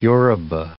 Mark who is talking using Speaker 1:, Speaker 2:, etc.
Speaker 1: Yoruba